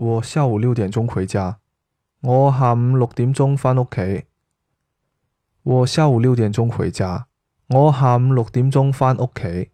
我下午六點鐘回家。我下午六點鐘翻屋企。我下午六點鐘回家。我下午六點鐘翻屋企。